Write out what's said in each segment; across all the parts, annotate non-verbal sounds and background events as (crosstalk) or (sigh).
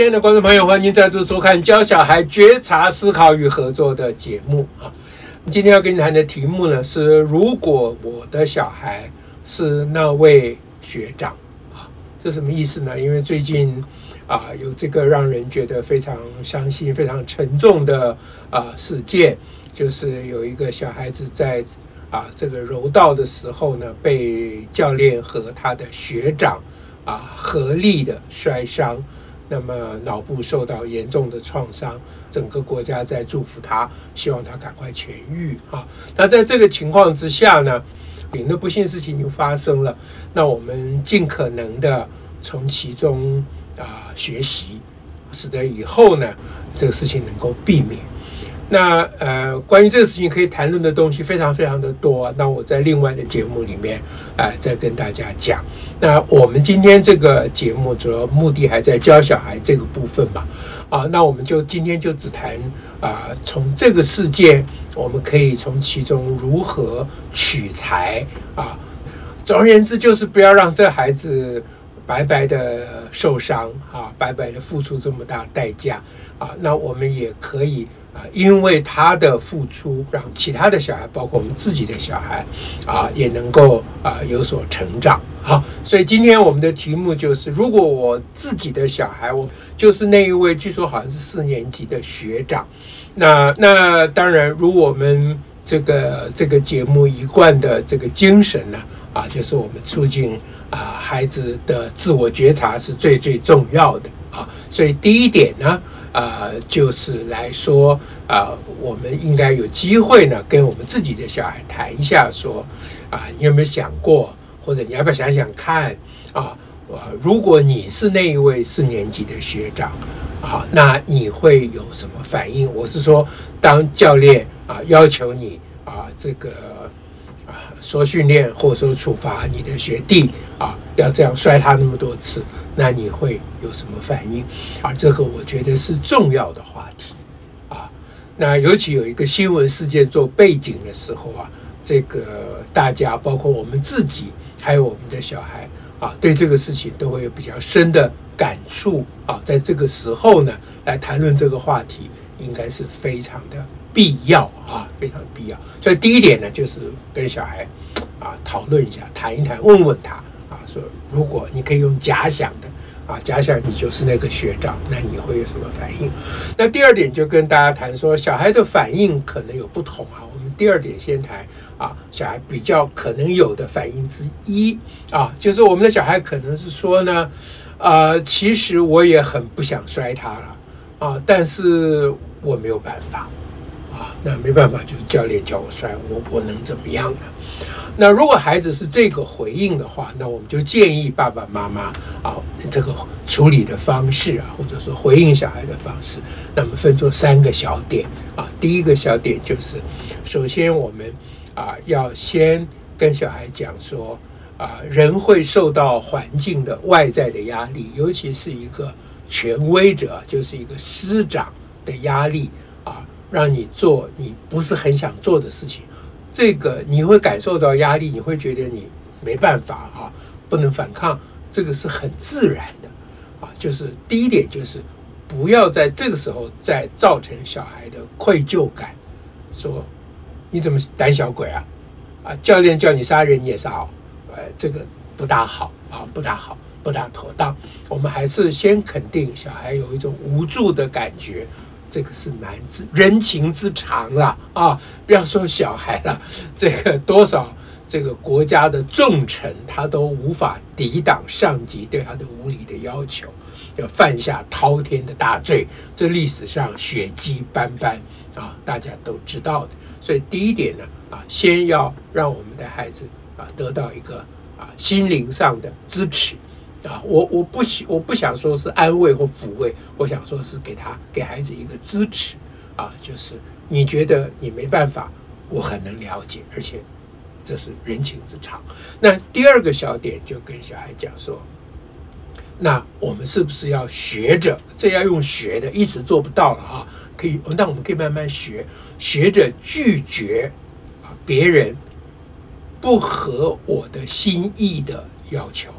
親愛的觀眾朋友，歡迎再次收看《教小孩覺察思考與合作》的節目啊！今天要跟你談的題目呢是：如果我的小孩是那位學長啊，這什麼意思呢？因為最近啊，有這個讓人覺得非常傷心、非常沉重的啊事件，就是有一個小孩子在啊這個柔道的時候呢，被教練和他的學長啊合力的摔傷。那麼腦部受到嚴重的創傷，整個國家在祝福他，希望他趕快痊癒啊。那在這個情況之下呢，另一不幸的事情就發生了。那我們盡可能的從其中啊、呃、學習，使得以後呢這個事情能夠避免。那呃，關於這個事情可以談論的東西非常非常的多，那我在另外的節目裡面啊、呃、再跟大家講。那我們今天這個節目主要目的還在教小孩這個部分嘛？啊，那我們就今天就只談啊、呃，從這個事件我們可以從其中如何取材啊。總而言之，就是不要讓這孩子。白白的受傷啊，白白的付出這麼大代價啊，那我們也可以啊，因為他的付出，讓其他的小孩，包括我們自己的小孩啊，也能夠啊有所成長。好，所以今天我們的題目就是：如果我自己的小孩，我就是那一位，據說好像是四年級的學長，那那當然，如我們這個這個節目一貫的這個精神呢。啊，就是我們促進啊孩子的自我覺察是最最重要的啊，所以第一點呢，啊，就是來說啊，我們應該有機會呢，跟我們自己的小孩談一下說，說啊，你有沒有想過，或者你要不要想想看啊，我如果你是那一位四年級的學長啊，那你會有什麼反應？我是說，當教練啊，要求你啊，這個。說訓練或者說處罰你的學弟啊，要這樣摔他那麼多次，那你會有什麼反應？啊，這個我覺得是重要的話題。啊，那尤其有一個新聞事件做背景的時候啊，這個大家包括我們自己，還有我們的小孩啊，對這個事情都會有比較深的感觸啊。在這個時候呢，來談論這個話題。應該是非常的必要啊，非常必要。所以第一點呢，就是跟小孩啊討論一下，談一談，問問他啊，說如果你可以用假想的啊，假想你就是那個學長，那你會有什麼反應？那第二點就跟大家談說，小孩的反應可能有不同啊。我們第二點先談啊，小孩比較可能有的反應之一啊，就是我們的小孩可能是說呢，啊，呃，其實我也很不想摔他了。啊，但是我沒有辦法，啊，那沒辦法，就是教練教我摔，我我能怎麼樣呢？那如果孩子是這個回應的話，那我們就建議爸爸媽媽啊，這個處理的方式啊，或者說回應小孩的方式，那麼分作三個小點啊。第一個小點就是，首先我們啊要先跟小孩講說啊，人會受到環境的外在的壓力，尤其是一個，權威者就是一個師長的壓力啊，讓你做你不是很想做的事情，這個你會感受到壓力，你會覺得你沒辦法啊，不能反抗，這個是很自然的啊。就是第一點就是不要在這個時候再造成小孩的愧疚感，說你怎麼膽小鬼啊？啊，教練叫你殺人你也殺，哎，這個不大好啊，不大好。不大妥當，我們還是先肯定小孩有一種無助的感覺，這個是蠻子，人情之常了啊，啊！不要說小孩了，這個多少這個國家的重臣，他都無法抵擋上級對他的無理的要求，要犯下滔天的大罪，這歷史上血跡斑斑啊，大家都知道的。所以第一點呢，啊，先要讓我們的孩子啊得到一個啊心靈上的支持。啊，我我不想我不想說是安慰或撫慰，我想說是給他給孩子一個支持啊，就是你覺得你沒辦法，我很能了解，而且這是人情之常。那第二個小點就跟小孩講說，那我們是不是要學着？這要用學的，一直做不到了啊，可以，那我們可以慢慢學，學着拒絕啊別人不合我的心意的要求。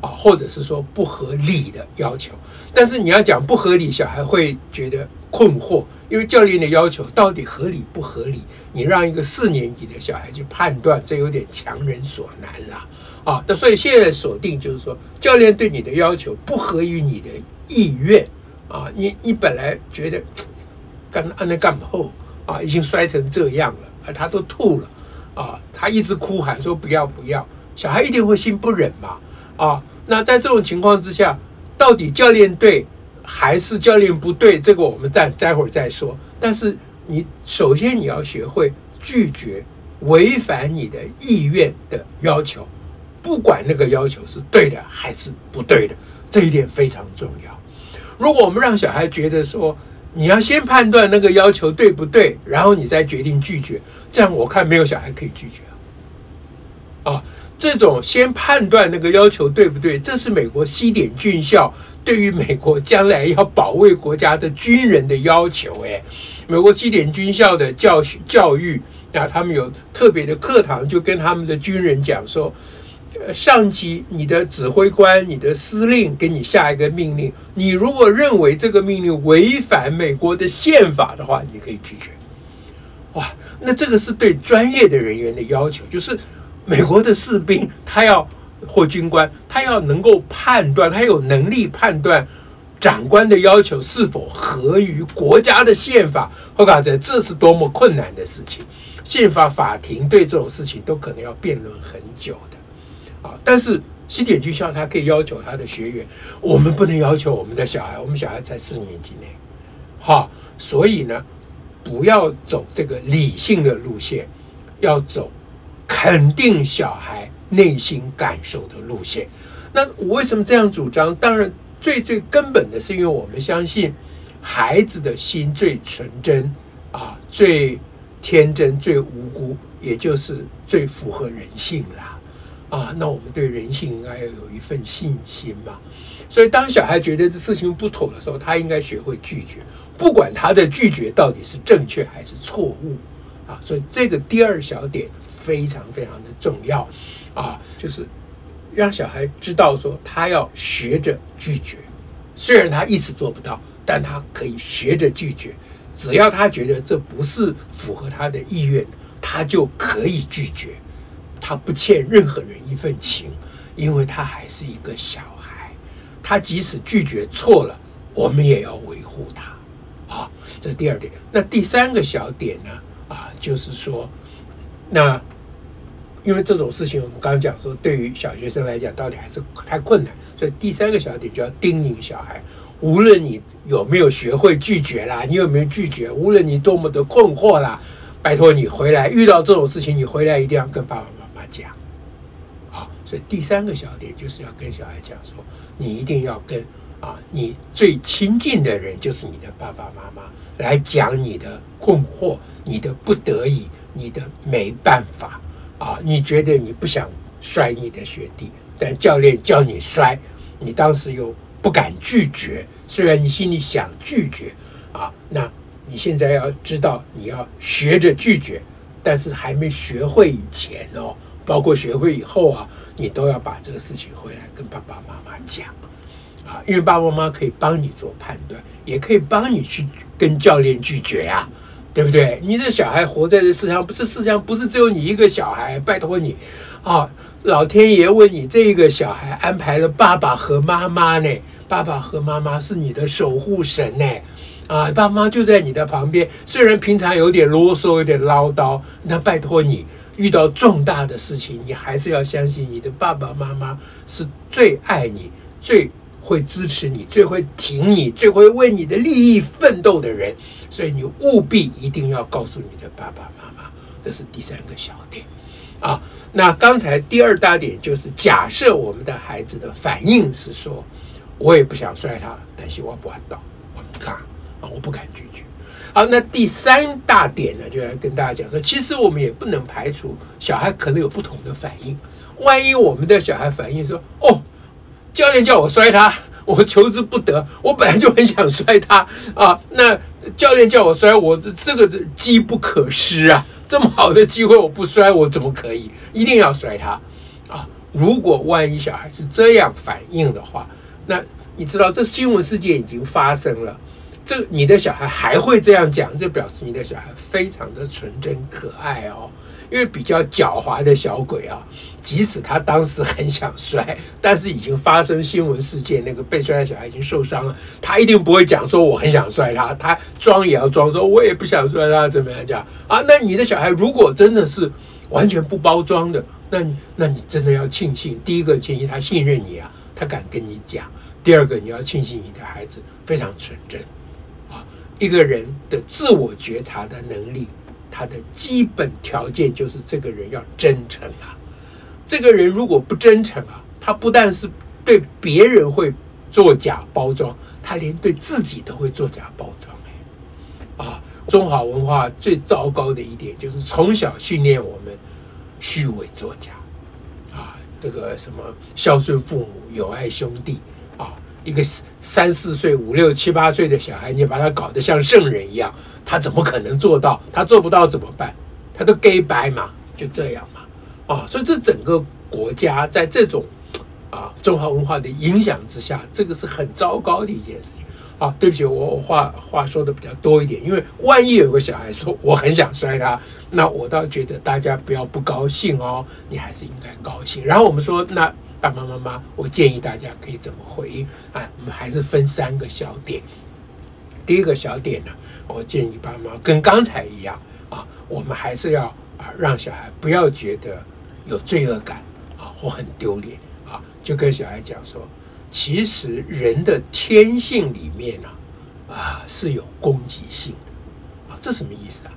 啊，或者是說不合理的要求，但是你要講不合理，小孩會覺得困惑，因為教練的要求到底合理不合理？你讓一個四年級的小孩去判斷，這有點強人所難了啊。那、啊、所以現在鎖定就是說，教練對你的要求不合於你的意願啊。你你本來覺得乾按得乾後啊，已經摔成這樣了，而他都吐了啊，他一直哭喊說不要不要，小孩一定會心不忍嘛啊。那在這種情況之下，到底教練對還是教練不對？這個我們再待會兒再說。但是你首先你要學會拒絕違反你的意願的要求，不管那個要求是對的還是不對的，這一點非常重要。如果我們讓小孩覺得說，你要先判斷那個要求對不對，然後你再決定拒絕，這樣我看沒有小孩可以拒絕啊。這種先判斷那個要求對不對，這是美國西點軍校對於美國將來要保衛國家的軍人的要求，哎。誒，美國西點軍校的教學教育那、啊、他們有特別的課堂，就跟他們的軍人講說，呃，上級你的指揮官，你的司令給你下一個命令，你如果認為這個命令違反美國的憲法的話，你可以拒絕。哇，那這個是對專業的人員的要求，就是。美國的士兵，他要或軍官，他要能夠判斷，他有能力判斷長官的要求是否合於國家的憲法和法則，這是多麼困難的事情！憲法法庭對這種事情都可能要辯論很久的。啊，但是西點軍校他可以要求他的學員，嗯、我們不能要求我們的小孩，我們小孩才四年級呢，哈，所以呢，不要走這個理性的路線，要走。肯定小孩內心感受的路線。那我為什麼這樣主張？當然，最最根本的是因為我們相信孩子的心最純真啊，最天真、最無辜，也就是最符合人性啦。啊，那我們對人性應該要有一份信心嘛。所以，當小孩覺得這事情不妥的時候，他應該學會拒絕。不管他的拒絕到底是正確還是錯誤啊。所以，這個第二小點。非常非常的重要，啊，就是讓小孩知道說他要學着拒絕，雖然他一直做不到，但他可以學着拒絕。只要他覺得這不是符合他的意願，他就可以拒絕。他不欠任何人一份情，因為他還是一個小孩。他即使拒絕錯了，我們也要維護他。啊，這是第二點。那第三個小點呢？啊，就是說那。因為這種事情，我們剛剛講說，對於小學生來講，到底還是太困難。所以第三個小點就要叮嚀小孩，無論你有沒有學會拒絕啦，你有沒有拒絕，無論你多麼的困惑啦，拜托你回來遇到這種事情，你回來一定要跟爸爸媽媽講。好，所以第三個小點就是要跟小孩講說，你一定要跟啊，你最親近的人就是你的爸爸媽媽來講你的困惑、你的不得已、你的沒辦法。啊，你覺得你不想摔你的學弟，但教練叫你摔，你當時又不敢拒絕，雖然你心裡想拒絕啊，那你現在要知道你要學着拒絕，但是還沒學會以前哦，包括學會以後啊，你都要把這個事情回來跟爸爸媽媽講啊，因為爸爸媽媽可以幫你做判斷，也可以幫你去跟教練拒絕啊。對不對？你的小孩活在這世上，不是世上不是只有你一個小孩。拜托你，啊，老天爺為你，這一個小孩安排了爸爸和媽媽呢？爸爸和媽媽是你的守護神呢，啊，爸媽就在你的旁邊，雖然平常有點囉嗦，有點嘮叨，那拜托你，遇到重大的事情，你還是要相信你的爸爸媽媽是最愛你最。會支持你，最會挺你，最會為你的利益奮鬥的人，所以你務必一定要告訴你的爸爸媽媽，這是第三個小點，啊，那剛才第二大點就是假設我們的孩子的反應是說，我也不想摔他，但是我不敢，我不敢，啊，我不敢拒絕。好，啊，那第三大點呢，就來跟大家講說，其實我們也不能排除小孩可能有不同的反應，萬一我們的小孩反應是說，哦。教練叫我摔他，我求之不得。我本來就很想摔他啊。那教練叫我摔，我這個機不可失啊，這麼好的機會我不摔，我怎麼可以？一定要摔他啊！如果萬一小孩是這樣反應的話，那你知道這新聞事件已經發生了，這你的小孩還會這樣講，這表示你的小孩非常的純真可愛哦。因為比較狡猾的小鬼啊，即使他當時很想摔，但是已經發生新聞事件，那個被摔的小孩已經受傷了，他一定不會講說我很想摔他，他裝也要裝說我也不想摔他，怎麼樣講啊？那你的小孩如果真的是完全不包裝的，那你那你真的要慶幸，第一個慶幸他信任你啊，他敢跟你講；第二個你要慶幸你的孩子非常純真，啊，一個人的自我覺察的能力。他的基本條件就是這個人要真誠啊，這個人如果不真誠啊，他不但是對別人會作假包裝，他連對自己都會作假包裝哎、欸，啊，中華文化最糟糕的一點就是從小訓練我們虛偽作假啊，這個什麼孝順父母、友愛兄弟啊，一個三四歲、五六七八歲的小孩，你把他搞得像聖人一樣。他怎麼可能做到？他做不到怎麼辦？他都 g 白嘛，就這樣嘛。啊，所以這整個國家在這種啊中華文化的影響之下，這個是很糟糕的一件事情。啊，對不起，我,我話話說的比較多一點，因為萬一有個小孩說我很想摔他，那我倒覺得大家不要不高興哦，你還是應該高興。然後我們說，那爸爸媽媽,媽，我建議大家可以怎麼回應啊？我們還是分三個小點。第一個小點呢，我建議爸媽跟剛才一樣啊，我們還是要啊讓小孩不要覺得有罪惡感啊，或很丟臉啊，就跟小孩講說，其實人的天性裡面呢，啊是有攻擊性的啊，這什麼意思啊？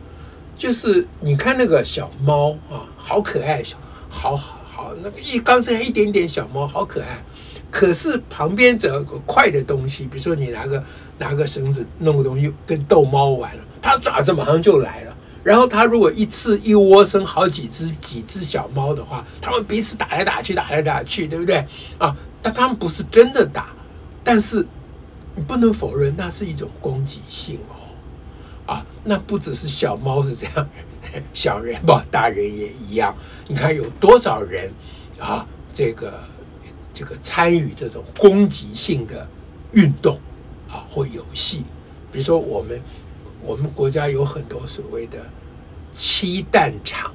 就是你看那個小貓啊，好可愛小好好好，那個一剛才一點點小貓好可愛。可是旁邊這個快的東西，比如說你拿個拿個繩子弄個東西跟逗貓玩了，它爪子馬上就來了。然後它如果一次一窩生好幾只幾只小貓的話，它們彼此打來打去打來打去，對不對啊？但它們不是真的打，但是你不能否認那是一種攻擊性哦啊！那不只是小貓是這樣，小人吧大人也一樣。你看有多少人啊？這個。這個參與這種攻擊性的運動啊，或遊戲。比如說，我們我們國家有很多所謂的漆彈場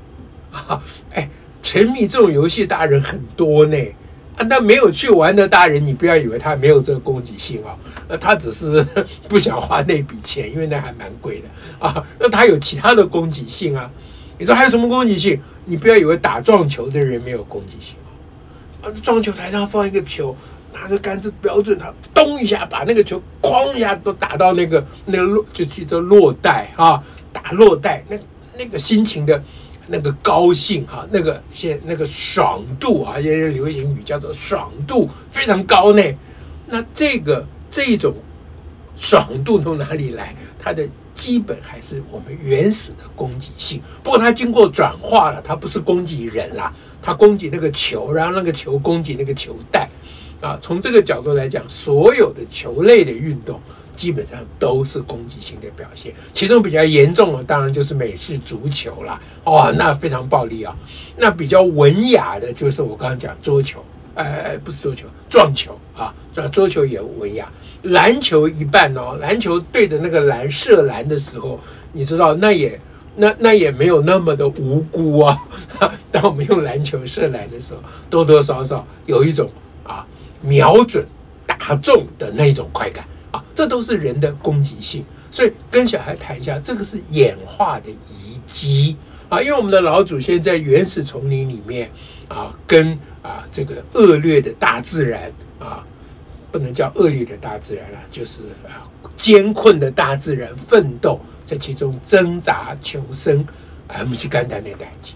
啊，哎，沉迷這種遊戲大人很多呢。啊，那沒有去玩的大人，你不要以為他沒有這個攻擊性啊，他只是不想花那筆錢，因為那還蠻貴的啊。那他有其他的攻擊性啊？你說還有什麼攻擊性？你不要以為打撞球的人沒有攻擊性。啊，撞球台上放一個球，拿着桿子瞄準它，啊，咚一下把那個球，哐一下都打到那個那個落，就叫做落袋啊，打落袋，那那個心情的那個高興啊，那個現那個爽度啊，現在流行語叫做爽度非常高呢。那這個這種爽度從哪裡來？它的。基本還是我們原始的攻擊性，不過它經過轉化了，它不是攻擊人啦，它攻擊那個球，然後那個球攻擊那個球袋，啊，從這個角度來講，所有的球類的運動基本上都是攻擊性的表現，其中比較嚴重的當然就是美式足球啦，哦，那非常暴力啊，哦，那比較文雅的就是我剛剛講桌球。哎，不是桌球，撞球啊，撞桌球也文雅。籃球一半哦，籃球對着那個籃射籃的時候，你知道那也那、那也沒有那麼的無辜啊。 (laughs) 當我們用籃球射籃的時候，多多少少有一種啊瞄準打中的那一種快感啊，這都是人的攻擊性。所以跟小孩談一下，這個是演化的遺跡。啊，因為我們的老祖先在原始叢林裡面，啊，跟啊這個惡劣的大自然，啊，不能叫惡劣的大自然了，就是啊艱困的大自然，奮鬥在其中掙扎求生，而、啊、不簡單的那代際。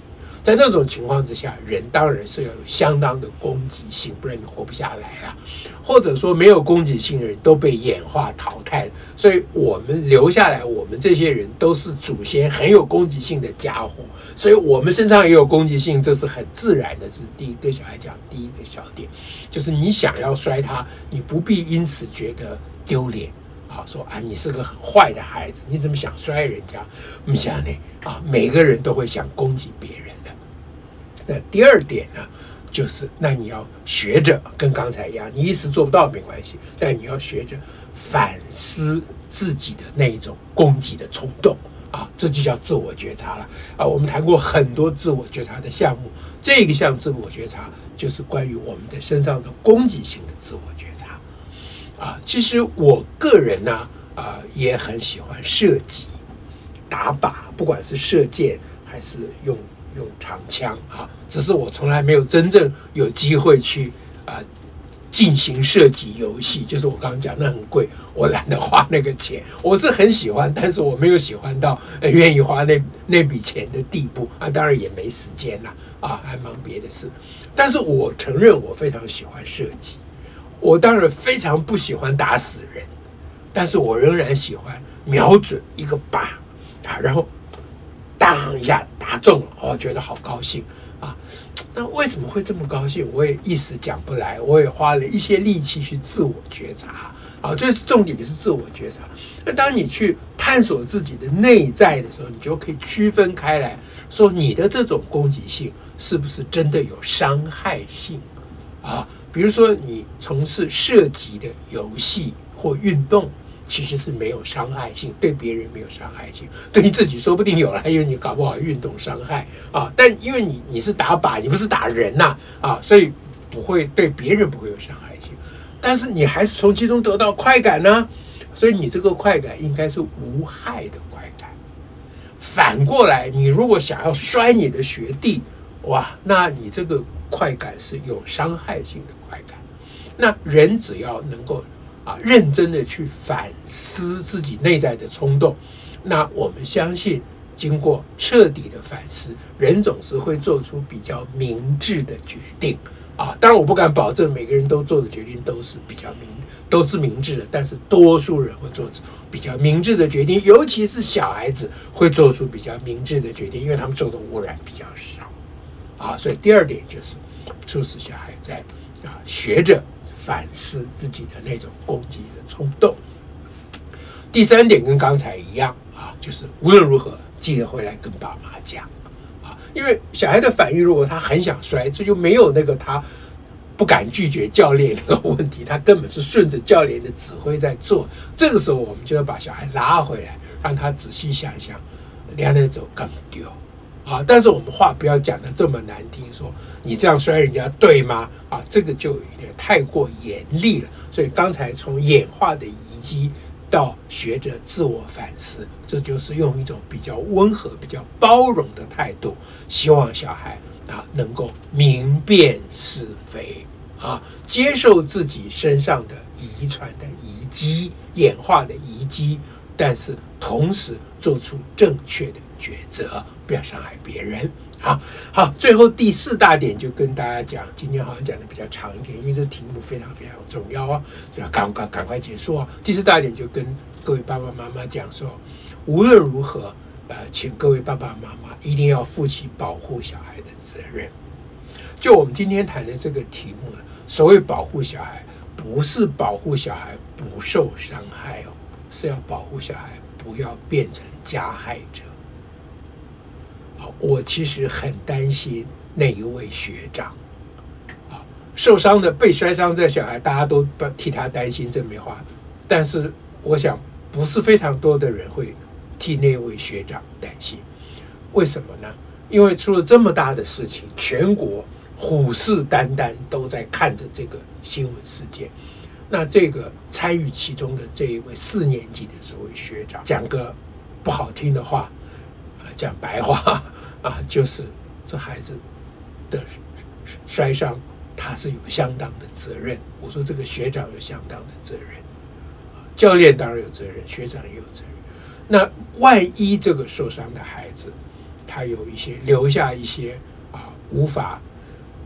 在那種情況之下，人當然是要有相當的攻擊性，不然你活不下來啊。或者說沒有攻擊性的人都被演化淘汰，所以我們留下來，我們這些人都是祖先很有攻擊性的傢伙。所以我們身上也有攻擊性，這是很自然的。是第一，對小孩講第一個小點，就是你想要摔他，你不必因此覺得丟臉啊。說啊，你是個很壞的孩子，你怎麼想摔人家？我們想呢？啊，每個人都會想攻擊別人。那第二點呢，就是那你要學着跟剛才一樣，你一時做不到沒關係，但你要學着反思自己的那一種攻擊的衝動啊，這就叫自我覺察了啊。我們談過很多自我覺察的項目，這個項目自我覺察就是關於我們的身上的攻擊性的自我覺察啊。其實我個人呢啊、呃、也很喜歡射擊、打靶，不管是射箭還是用。用長槍啊，只是我從來沒有真正有機會去啊、呃、進行射擊遊戲。就是我剛剛講，那很貴，我懶得花那個錢。我是很喜歡，但是我沒有喜歡到願意花那那筆錢的地步啊。當然也沒時間了啊，啊，還忙別的事。但是我承認我非常喜歡射擊。我當然非常不喜歡打死人，但是我仍然喜歡瞄準一個靶啊，然後。當一下打中了，我、哦、覺得好高興啊！那為什麼會這麼高興？我也一時講不來，我也花了一些力氣去自我覺察啊。這是重點，就是自我覺察。那當你去探索自己的內在的時候，你就可以區分開來，說你的這種攻擊性是不是真的有傷害性啊？比如說你從事涉及的遊戲或運動。其實是沒有傷害性，對別人沒有傷害性，對你自己說不定有了，因為你搞不好運動傷害啊。但因為你你是打靶，你不是打人吶啊，啊，所以不會對別人不會有傷害性。但是你還是從其中得到快感呢，啊，所以你這個快感應該是無害的快感。反過來，你如果想要摔你的學弟，哇，那你這個快感是有傷害性的快感。那人只要能夠。啊，認真的去反思自己內在的衝動，那我們相信，經過徹底的反思，人總是會做出比較明智的決定。啊，當然我不敢保證每個人都做的決定都是比較明，都是明智的，但是多數人會做出比較明智的決定，尤其是小孩子會做出比較明智的決定，因為他們受的污染比較少。啊，所以第二點就是促使小孩在啊學着。反思自己的那種攻擊的衝動。第三點跟剛才一樣啊，就是無論如何記得回來跟爸媽講啊，因為小孩的反應如果他很想摔，這就,就沒有那個他不敢拒絕教練那個問題，他根本是順着教練的指揮在做。這個時候我們就要把小孩拉回來，讓他仔細想一想，兩點走幹嘛丟？啊！但是我們話不要講得這麼難聽說，說你這樣摔人家對嗎？啊，這個就有點太過嚴厲了。所以剛才從演化的遺跡到學著自我反思，這就是用一種比較溫和、比較包容的態度，希望小孩啊能夠明辨是非啊，接受自己身上的遺傳的遺跡，演化的遺跡。但是同時做出正確的抉擇，不要傷害別人。好好，最後第四大點就跟大家講，今天好像講的比較長一點，因為這題目非常非常重要哦，就要趕趕趕快結束啊、哦。第四大點就跟各位爸爸媽媽講說，無論如何，呃，請各位爸爸媽媽一定要負起保護小孩的責任。就我們今天談的這個題目，所謂保護小孩，不是保護小孩不受傷害哦。是要保護小孩，不要變成加害者。好，我其實很擔心那一位學長。啊，受傷的被摔傷的小孩，大家都替他擔心這沒話。但是我想，不是非常多的人會替那位學長擔心。為什麼呢？因為出了這麼大的事情，全國虎視眈眈都在看着這個新聞事件。那這個參與其中的這一位四年級的所謂學長，講個不好聽的話，啊，講白話啊，就是這孩子的摔傷他是有相當的責任。我說這個學長有相當的責任，教練當然有責任，學長也有責任。那萬一這個受傷的孩子他有一些留下一些啊無法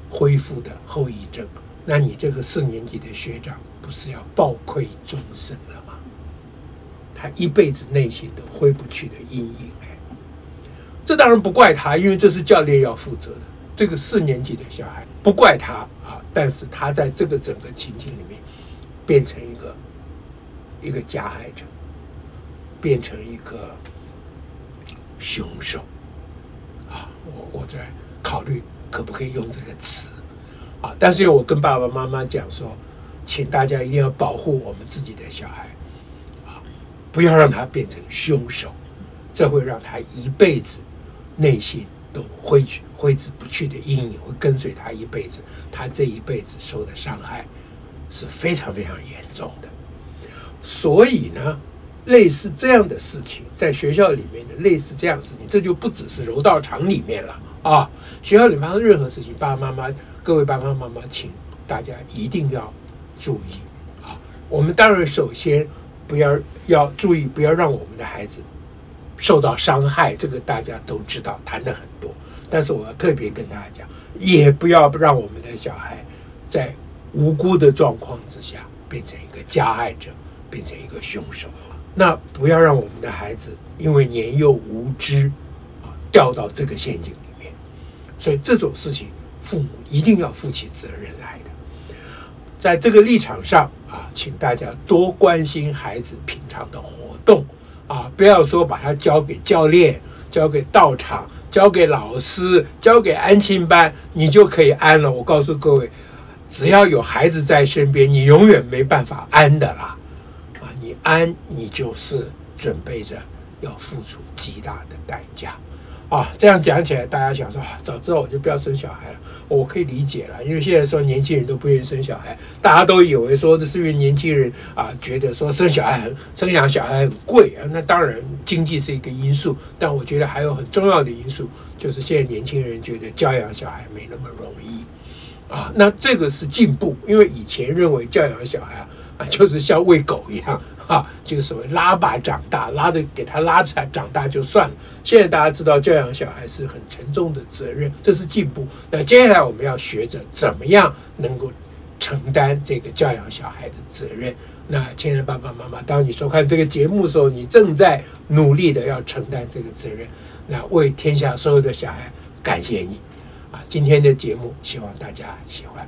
恢復的後遺症，那你這個四年級的學長。不是要抱愧終生了嗎？他一輩子內心都揮不去的陰影哎，這當然不怪他，因為這是教練要負責的。這個四年級的小孩不怪他啊，但是他在這個整個情境裡面變成一個一個加害者，變成一個兇手啊！我我在考慮可不可以用這個詞啊？但是因為我跟爸爸媽媽講說。請大家一定要保護我們自己的小孩，啊，不要讓他變成凶手，這會讓他一輩子內心都揮去揮之不去的陰影會跟隨他一輩子。他這一輩子受的傷害是非常非常嚴重的。所以呢，類似這樣的事情，在學校裡面的類似這樣的事情，這就不只是柔道場裡面了啊，學校裡發生任何事情，爸爸媽媽、各位爸爸媽媽，媽，請大家一定要。注意啊！我們當然首先不要要注意，不要讓我們的孩子受到傷害，這個大家都知道，談得很多。但是我要特別跟大家講，也不要讓我們的小孩在無辜的狀況之下變成一個加害者，變成一個兇手。那不要讓我們的孩子因為年幼無知啊掉到這個陷阱裡面。所以這種事情，父母一定要負起責任來的。在這個立場上啊，請大家多關心孩子平常的活動啊，不要說把他交給教練、交給道場、交給老師、交給安親班，你就可以安了。我告訴各位，只要有孩子在身邊，你永遠沒辦法安的啦。啊，你安，你就是準備着要付出極大的代價。啊，這樣講起來，大家想說，啊，早知道我就不要生小孩了，我可以理解了。因為現在說年輕人都不願意生小孩，大家都以為說這是因為年輕人啊，覺得說生小孩很、生養小孩很貴啊，那當然，經濟是一個因素，但我覺得還有很重要的因素，就是現在年輕人覺得教養小孩沒那麼容易啊。那這個是進步，因為以前認為教養小孩啊，就是像餵狗一樣。啊，就是所謂拉把長大，拉着給他拉扯長大就算了。現在大家知道教養小孩是很沉重的責任，這是進步。那接下來我們要學着怎麼樣能夠承擔這個教養小孩的責任。那親愛的爸爸媽媽，當你收看這個節目的時候，你正在努力的要承擔這個責任。那為天下所有的小孩感謝你，啊，今天的節目希望大家喜歡。